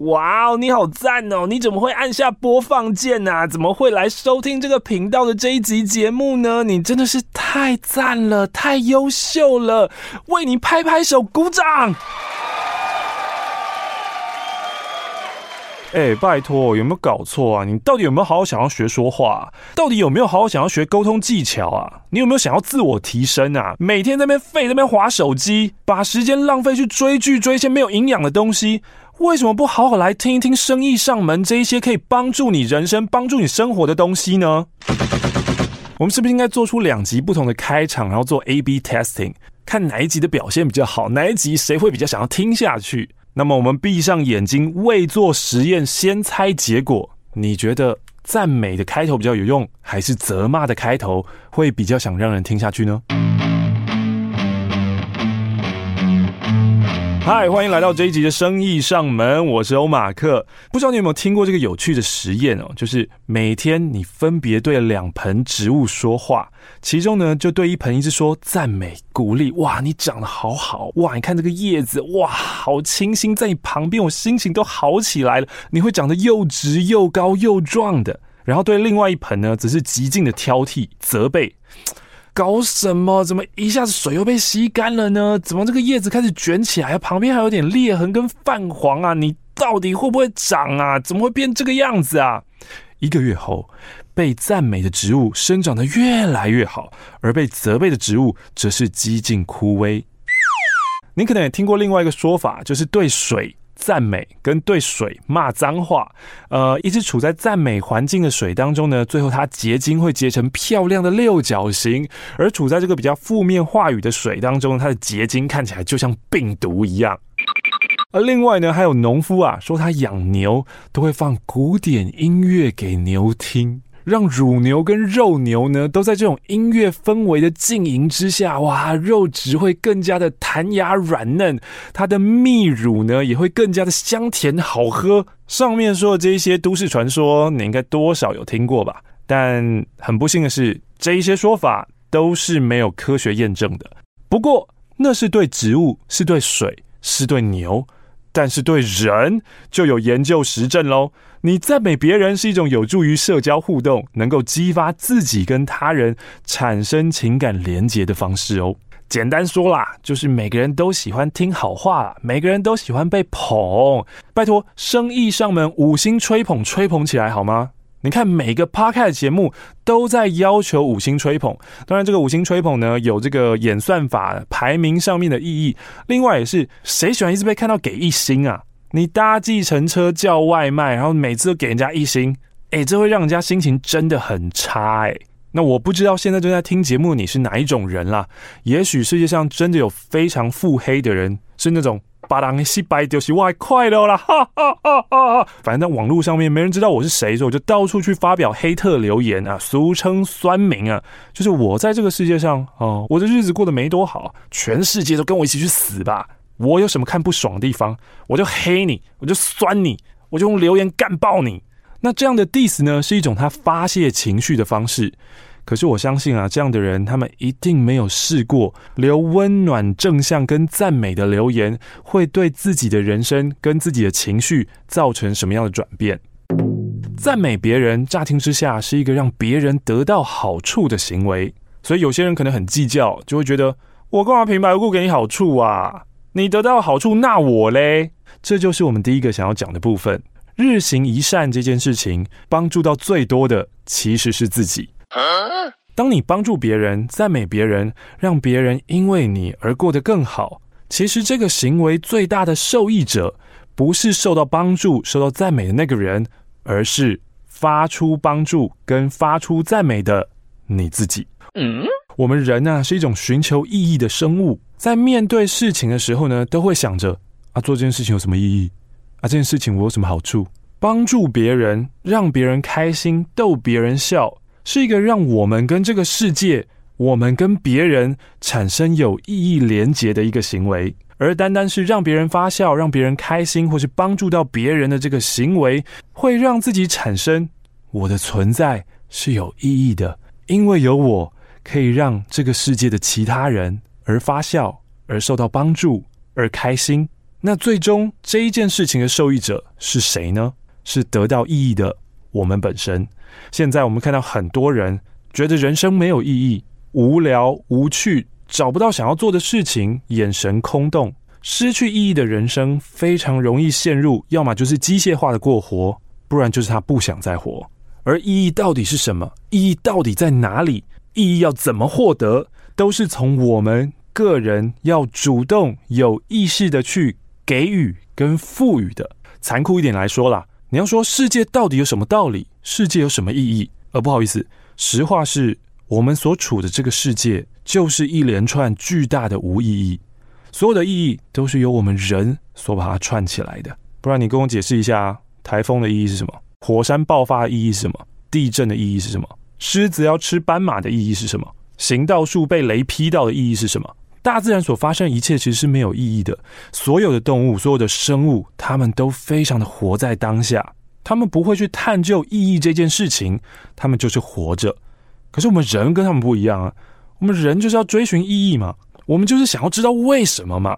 哇哦，wow, 你好讚哦！你怎麼會按下播放鍵呢、啊？怎麼會來收聽這個頻道的這一集節目呢？你真的是太讚了，太優秀了，為你拍拍手，鼓掌！哎、欸，拜托，有沒有搞錯啊？你到底有沒有好好想要學說話？到底有沒有好好想要學溝通技巧啊？你有沒有想要自我提升啊？每天在那邊廢在那邊滑手機，把時間浪費去追劇，追一些沒有營養的東西。為什麼不好好來聽一聽生意上門這一些可以幫助你人生、幫助你生活的東西呢？我們是不是應該做出兩集不同的開場，然後做 AB testing，看哪一集的表現比較好，哪一集誰會比較想要聽下去？那麼我們閉上眼睛，未做實驗，先猜結果，你覺得讚美的開頭比較有用，還是責罵的開頭會比較想讓人聽下去呢？嗨，Hi, 歡迎來到這一集的《生意上門》，我是歐馬克。不知道你有沒有聽過這個有趣的實驗哦，就是每天你分別對兩盆植物說話，其中呢就對一盆一直說讚美、鼓勵，哇，你長得好好，哇，你看這個葉子，哇，好清新，在你旁邊我心情都好起來了，你會長得又直又高又壯的。然後對另外一盆呢，則是極盡的挑剔、責備。搞什麼？怎麼一下子水又被吸乾了呢？怎麼這個葉子開始捲起來啊？旁邊還有點裂痕跟泛黃啊！你到底會不會長啊？怎麼會變這個樣子啊？一個月後，被讚美的植物生長得越來越好，而被責備的植物則是幾近枯萎。您可能也聽過另外一個說法，就是對水。讚美跟對水罵髒話，呃，一直處在讚美環境的水當中呢，最後它結晶會結成漂亮的六角形。而處在這個比較負面話語的水當中，它的結晶看起來就像病毒一樣。而另外呢，還有農夫啊，說他養牛都會放古典音樂給牛聽。讓乳牛跟肉牛呢，都在這種音樂氛圍的浸淫之下，哇，肉質會更加的彈牙軟嫩，它的泌乳呢也會更加的香甜好喝。上面說的這些都市傳說，你應該多少有聽過吧？但很不幸的是，這一些說法都是沒有科學驗證的。不過那是對植物，是對水，是對牛，但是對人就有研究實證嘍。你讚美別人是一種有助於社交互動、能夠激發自己跟他人產生情感連結的方式哦。簡單說啦，就是每個人都喜歡聽好話啦，每個人都喜歡被捧。拜託，生意上門，五星吹捧，吹捧起來好嗎？你看，每個 podcast 節目都在要求五星吹捧。當然，這個五星吹捧呢，有這個演算法排名上面的意義。另外，也是誰喜歡一直被看到給一星啊？你搭計程車叫外賣，然後每次都給人家一星，哎、欸，這會讓人家心情真的很差哎、欸。那我不知道現在正在聽節目你是哪一種人啦？也許世界上真的有非常腹黑的人，是那種把東西擺丟起我還快樂啦哈哈哈哈哈。反正在網絡上面沒人知道我是誰，所以我就到處去發表黑特留言啊，俗稱酸民啊，就是我在這個世界上哦、呃，我的日子過得沒多好，全世界都跟我一起去死吧。我有什麼看不爽的地方，我就黑你，我就酸你，我就用留言幹爆你。那這樣的 diss 呢，是一種他發泄情緒的方式。可是我相信啊，這樣的人他們一定沒有試過留溫暖、正向跟讚美的留言，會對自己的人生跟自己的情緒造成什麼樣的轉變。讚美別人，乍聽之下是一個讓別人得到好處的行為，所以有些人可能很計較，就會覺得我幹嘛平白無故給你好處啊？你得到好處，那我嘞？這就是我們第一個想要講的部分。日行一善這件事情，幫助到最多的其實是自己。啊、當你幫助別人、讚美別人，讓別人因為你而過得更好，其實這個行為最大的受益者，不是受到幫助、受到讚美的那個人，而是發出幫助跟發出讚美的你自己。嗯，我們人吶、啊，是一種尋求意義的生物。在面對事情的時候呢，都會想着啊，做這件事情有什麼意義？啊，這件事情我有什麼好處？幫助別人，讓別人開心，逗別人笑，是一個讓我們跟這個世界、我們跟別人產生有意義連結的一個行為。而單單是讓別人發笑、讓別人開心，或是幫助到別人的這個行為，會讓自己產生我的存在是有意義的，因為有我可以讓這個世界的其他人。而發笑，而受到幫助，而開心。那最終這一件事情的受益者是誰呢？是得到意義的我們本身。現在我們看到很多人覺得人生沒有意義，無聊無趣，找不到想要做的事情，眼神空洞，失去意義的人生非常容易陷入，要麼就是機械化的過活，不然就是他不想再活。而意義到底是什麼？意義到底在哪裡？意義要怎麼獲得？都是從我們個人要主動有意識的去給予跟賦予的。殘酷一點來說啦，你要說世界到底有什麼道理？世界有什麼意義？呃，不好意思，實話是我們所處的這個世界就是一連串巨大的無意義，所有的意義都是由我們人所把它串起來的。不然，你跟我解釋一下，颱風的意義是什麼？火山爆發的意義是什麼？地震的意義是什麼？獅子要吃斑馬的意義是什麼？行道樹被雷劈到的意義是什麼？大自然所發生的一切其實是沒有意義的。所有的動物、所有的生物，他們都非常的活在當下，他們不會去探究意義這件事情，他們就是活着。可是我們人跟他們不一樣啊，我們人就是要追尋意義嘛，我們就是想要知道為什麼嘛。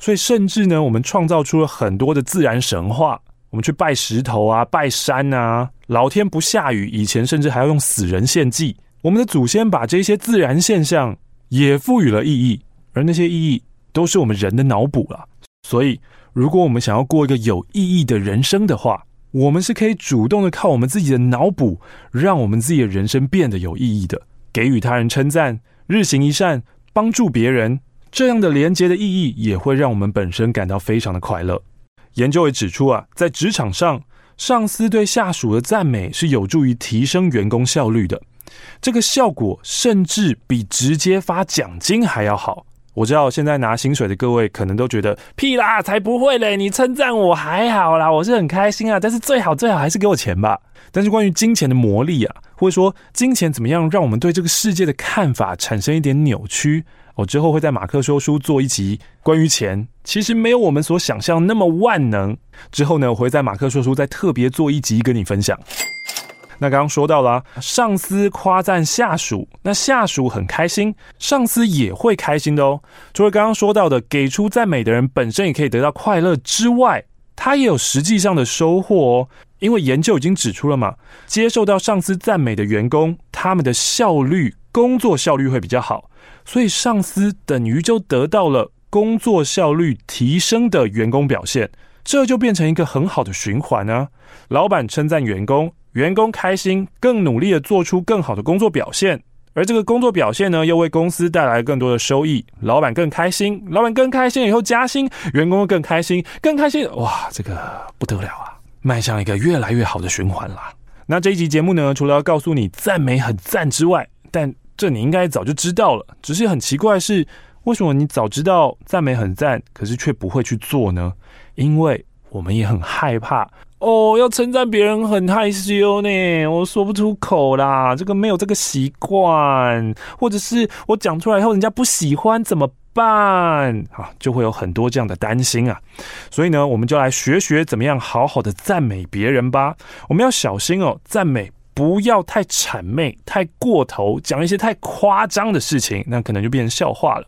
所以甚至呢，我們創造出了很多的自然神話，我們去拜石頭啊、拜山啊。老天不下雨，以前甚至還要用死人獻祭。我們的祖先把這些自然現象也賦予了意義，而那些意義都是我們人的腦補了。所以，如果我們想要過一個有意義的人生的話，我們是可以主動的靠我們自己的腦補，讓我們自己的人生變得有意義的。給予他人稱讚、日行一善、幫助別人，這樣的連接的意義也會讓我們本身感到非常的快樂。研究也指出啊，在職場上，上司對下屬的讚美是有助於提升員工效率的。這個效果甚至比直接發獎金還要好。我知道現在拿薪水的各位可能都覺得屁啦，才不會嘞！你稱讚我還好啦，我是很開心啊。但是最好最好還是給我錢吧。但是關於金錢的魔力啊，或者說金錢怎麼樣讓我們對這個世界的看法產生一點扭曲，我之後會在馬克說書做一集關於錢，其實沒有我們所想象那麼萬能。之後呢，我會在馬克說書再特別做一集跟你分享。那剛剛說到了啊，上司誇讚下屬，那下屬很開心，上司也會開心的哦。除了剛剛說到的，給出讚美的人本身也可以得到快樂之外，他也有實際上的收穫哦。因為研究已經指出了嘛，接受到上司讚美的員工，他們的效率工作效率會比較好，所以上司等於就得到了工作效率提升的員工表現，這就變成一個很好的循環啊。老板稱讚員工。員工開心，更努力地做出更好的工作表現，而這個工作表現呢，又為公司帶來更多的收益，老闆更開心，老闆更開心以後加薪，員工會更開心，更開心，哇，這個不得了啊，邁向一個越來越好的循環啦、啊。那這一集節目呢，除了要告訴你讚美很讚之外，但這你應該早就知道了，只是很奇怪是為什麼你早知道讚美很讚，可是卻不會去做呢？因為我們也很害怕。哦，要稱讚別人很害羞呢，我說不出口啦。這個沒有這個習慣，或者是我講出來後人家不喜歡怎麼辦？啊，就會有很多這樣的擔心啊。所以呢，我們就來學學怎麼樣好好的讚美別人吧。我們要小心哦，讚美，不要太諂媚，太過頭，講一些太誇張的事情，那可能就變成笑話了。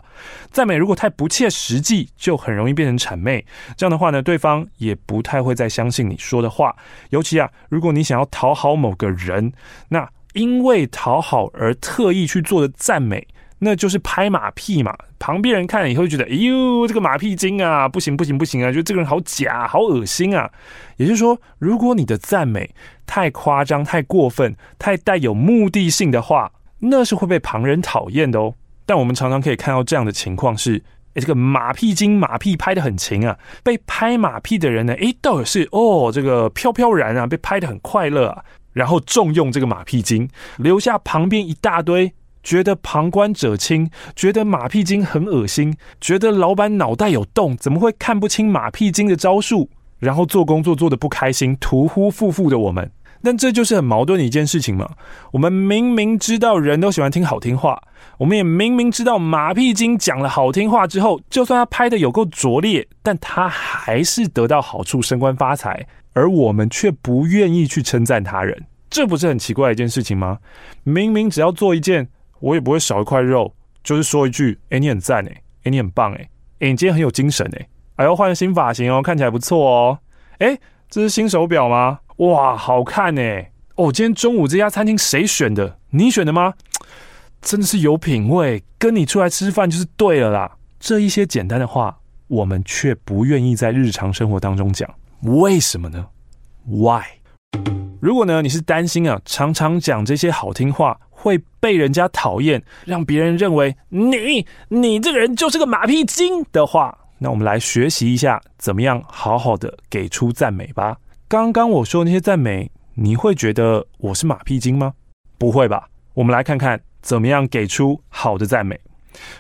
讚美如果太不切實際，就很容易變成諂媚。這樣的話呢，對方也不太會再相信你說的話。尤其啊，如果你想要討好某個人，那因為討好而特意去做的讚美。那就是拍馬屁嘛，旁邊人看了以後就覺得，哎呦，這個馬屁精啊，不行不行不行啊，覺得這個人好假，好噁心啊。也就是說，如果你的讚美太誇張、太過分、太帶有目的性的話，那是會被旁人討厭的哦。但我們常常可以看到這樣的情況是、欸，這個馬屁精馬屁拍的很勤啊，被拍馬屁的人呢，哎、欸，倒也是哦，這個飄飄然啊，被拍的很快樂啊，然後重用這個馬屁精，留下旁邊一大堆。覺得旁觀者清，覺得馬屁精很噁心，覺得老闆腦袋有洞，怎麼會看不清馬屁精的招數？然後做工作做得不開心，徒呼負負的我們，但這就是很矛盾的一件事情嘛。我們明明知道人都喜歡聽好聽話，我們也明明知道馬屁精講了好聽話之後，就算他拍得有夠拙劣，但他還是得到好處升官發財，而我們卻不願意去稱讚他人，這不是很奇怪的一件事情嗎？明明只要做一件。我也不會少一塊肉，就是說一句，欸，你很讚欸，欸，你很棒欸，欸，你今天很有精神欸，哎喲，換了新髮型哦，看起來不錯哦，欸，這是新手錶嗎？哇，好看欸，哦，今天中午這家餐廳誰選的？你選的嗎？真的是有品味，跟你出來吃飯就是對了啦。這一些簡單的話，我們卻不願意在日常生活當中講，為什麼呢？Why？如果呢，你是擔心啊，常常講這些好聽話。會被人家討厭，讓別人認為你你這個人就是個馬屁精的話，那我們來學習一下怎麼樣好好的給出讚美吧。剛剛我說那些讚美，你會覺得我是馬屁精嗎？不會吧。我們來看看怎麼樣給出好的讚美。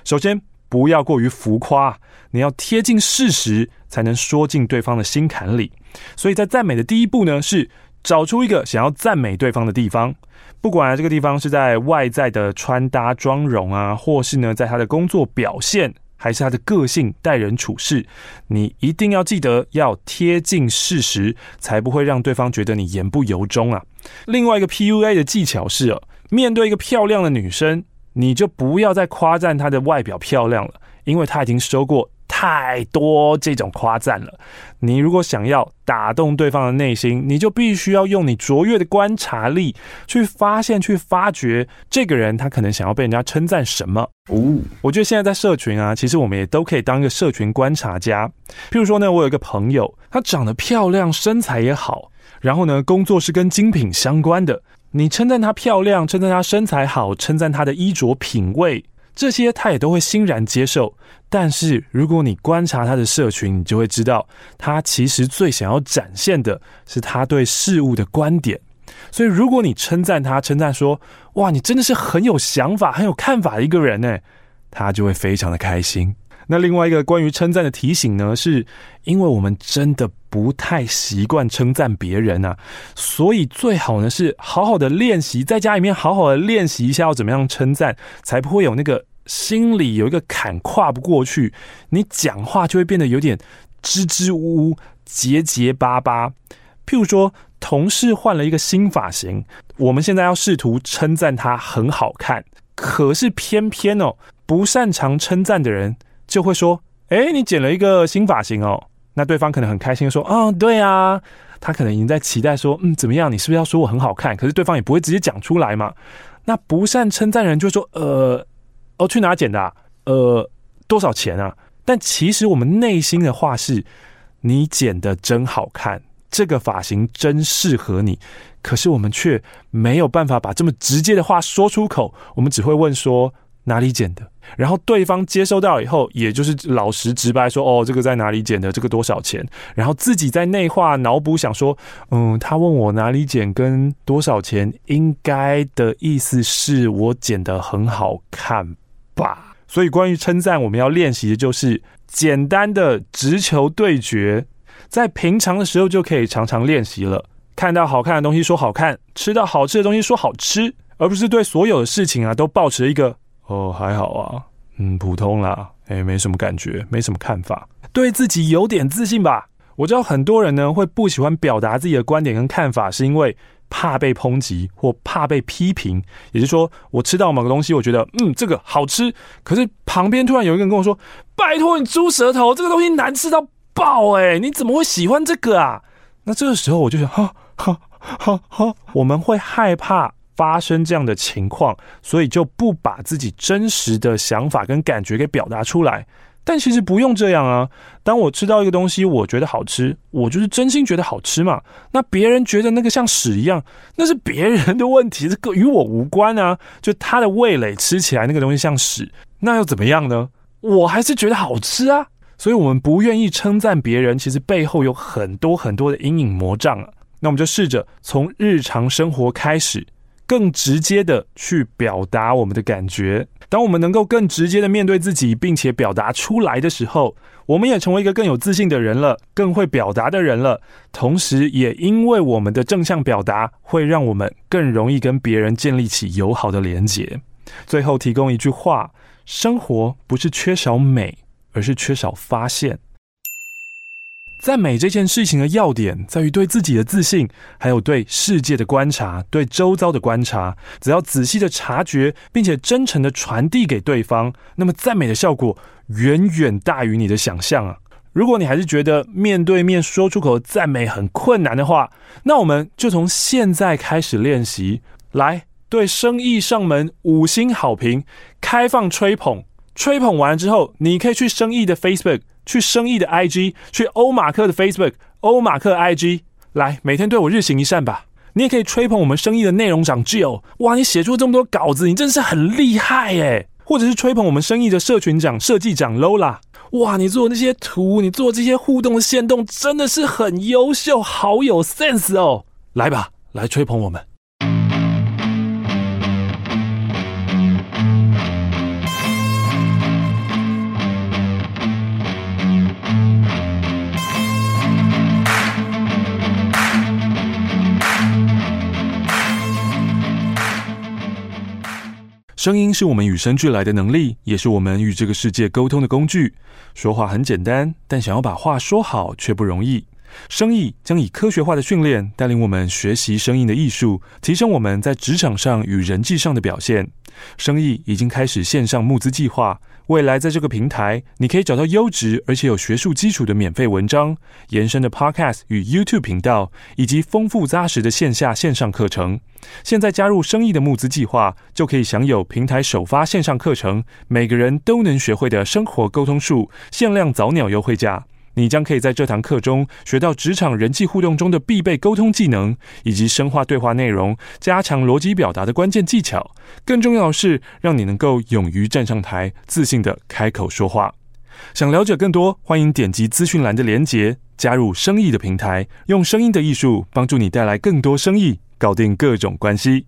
首先，不要過於浮誇，你要貼近事實，才能說進對方的心坎裡。所以在讚美的第一步呢，是找出一個想要讚美對方的地方。不管啊，這個地方是在外在的穿搭、妝容啊，或是呢，在他的工作表現，還是他的個性、待人處事，你一定要記得要貼近事實，才不會讓對方覺得你言不由衷啊。另外一個 PUA 的技巧是，面對一個漂亮的女生，你就不要再誇讚她的外表漂亮了，因為她已經說過。太多這種誇讚了。你如果想要打動對方的內心，你就必須要用你卓越的觀察力去發現、去發掘這個人，他可能想要被人家稱讚什麼。哦，我覺得現在在社群啊，其實我們也都可以當一個社群觀察家。譬如說呢，我有一個朋友，她長得漂亮，身材也好，然後呢，工作是跟精品相關的。你稱讚她漂亮，稱讚她身材好，稱讚她的衣着品味。這些他也都會欣然接受，但是如果你觀察他的社群，你就會知道，他其實最想要展現的是他對事物的觀點。所以，如果你稱讚他，稱讚說：“哇，你真的是很有想法、很有看法的一個人呢”，他就會非常的開心。那另外一個關於稱讚的提醒呢，是因為我們真的不太習慣稱讚別人啊，所以最好呢是好好的練習，在家裡面好好的練習一下要怎麼樣稱讚，才不會有那個心裡有一個坎跨不過去，你講話就會變得有點支支吾吾、結結巴巴。譬如說，同事換了一個新髮型，我們現在要試圖稱讚他很好看，可是偏偏哦，不擅長稱讚的人。就會說，哎、欸，你剪了一個新髮型哦，那對方可能很開心，說，嗯、哦、對啊，他可能已經在期待說，嗯，怎麼樣，你是不是要說我很好看？可是對方也不會直接講出來嘛。那不善稱讚人就說，呃，哦，去哪剪的、啊？呃，多少錢啊？但其實我們內心的話是，你剪的真好看，這個髮型真適合你。可是我們卻沒有辦法把這麼直接的話說出口，我們只會問說。哪裡撿的？然後對方接收到了以後，也就是老實直白說：“哦，這個在哪裡撿的？這個多少錢？”然後自己在內化腦補，想說：“嗯，他問我哪裡撿跟多少錢，應該的意思是我撿的很好看吧。”所以關於稱讚，我們要練習的就是簡單的直球對決，在平常的時候就可以常常練習了。看到好看的東西說好看，吃到好吃的東西說好吃，而不是對所有的事情啊都抱持一個。哦，還好啊，嗯，普通啦，哎、欸，沒什麼感覺，沒什麼看法，對自己有點自信吧。我知道很多人呢，會不喜歡表達自己的觀點跟看法，是因為怕被抨擊或怕被批評。也就是說，我吃到某個東西，我覺得，嗯，這個好吃，可是旁邊突然有一個人跟我說：“拜托你豬舌頭，這個東西難吃到爆欸，哎，你怎麼會喜歡這個啊？”那這個時候我就想，哈，哈，哈，哈，我們會害怕。發生這樣的情況，所以就不把自己真實的想法跟感覺給表達出來。但其實不用這樣啊！當我吃到一個東西，我覺得好吃，我就是真心覺得好吃嘛。那別人覺得那個像屎一樣，那是別人的問題，這個與我無關啊。就他的味蕾吃起來那個東西像屎，那又怎麼樣呢？我還是覺得好吃啊。所以，我們不願意稱讚別人，其實背後有很多很多的陰影魔障啊。那我們就試着從日常生活開始。更直接的去表達我們的感覺。當我們能夠更直接的面對自己，並且表達出來的時候，我們也成為一個更有自信的人了，更會表達的人了。同時，也因為我們的正向表達，會讓我們更容易跟別人建立起友好的連接。最後，提供一句話：生活不是缺少美，而是缺少發現。讚美這件事情的要點，在於對自己的自信，還有對世界的觀察，對周遭的觀察。只要仔細的察覺，並且真誠的傳遞給對方，那麼讚美的效果遠遠大於你的想象啊！如果你還是覺得面對面說出口讚美很困難的話，那我們就從現在開始練習，來對聲藝上門五星好評，開放吹捧，吹捧完了之後，你可以去聲藝的 Facebook。去聲藝的 IG，去歐馬克的 Facebook，歐馬克 IG，來每天對我日行一善吧。你也可以吹捧我們聲藝的內容長 Jill，哇，你寫出這麼多稿子，你真是很厲害哎。或者是吹捧我們聲藝的社群長設計長 Lola，哇，你做的那些圖，你做的這些互動的限動，真的是很優秀，好有 sense 哦。來吧，來吹捧我們。聲音是我們與生俱來的能力，也是我們與這個世界溝通的工具。說話很簡單，但想要把話說好卻不容易。聲藝將以科學化的訓練帶領我們學習聲音的藝術，提升我們在職場上與人際上的表現。聲藝已經開始線上募資計劃。未來在這個平台，你可以找到優質而且有學術基礎的免費文章、延伸的 Podcast 與 YouTube 頻道，以及豐富扎實的線下線上課程。現在加入聲藝的募資計劃，就可以享有平台首發線上課程，每個人都能學會的生活溝通術，限量早鳥優惠價。你將可以在這堂課中學到職場人際互動中的必備溝通技能，以及深化對話內容、加強邏輯表達的關鍵技巧。更重要的是，讓你能夠勇於站上台，自信地開口說話。想了解更多，歡迎點擊資訊欄的連結，加入聲藝的平台，用聲音的藝術幫助你帶來更多生意，搞定各種關係。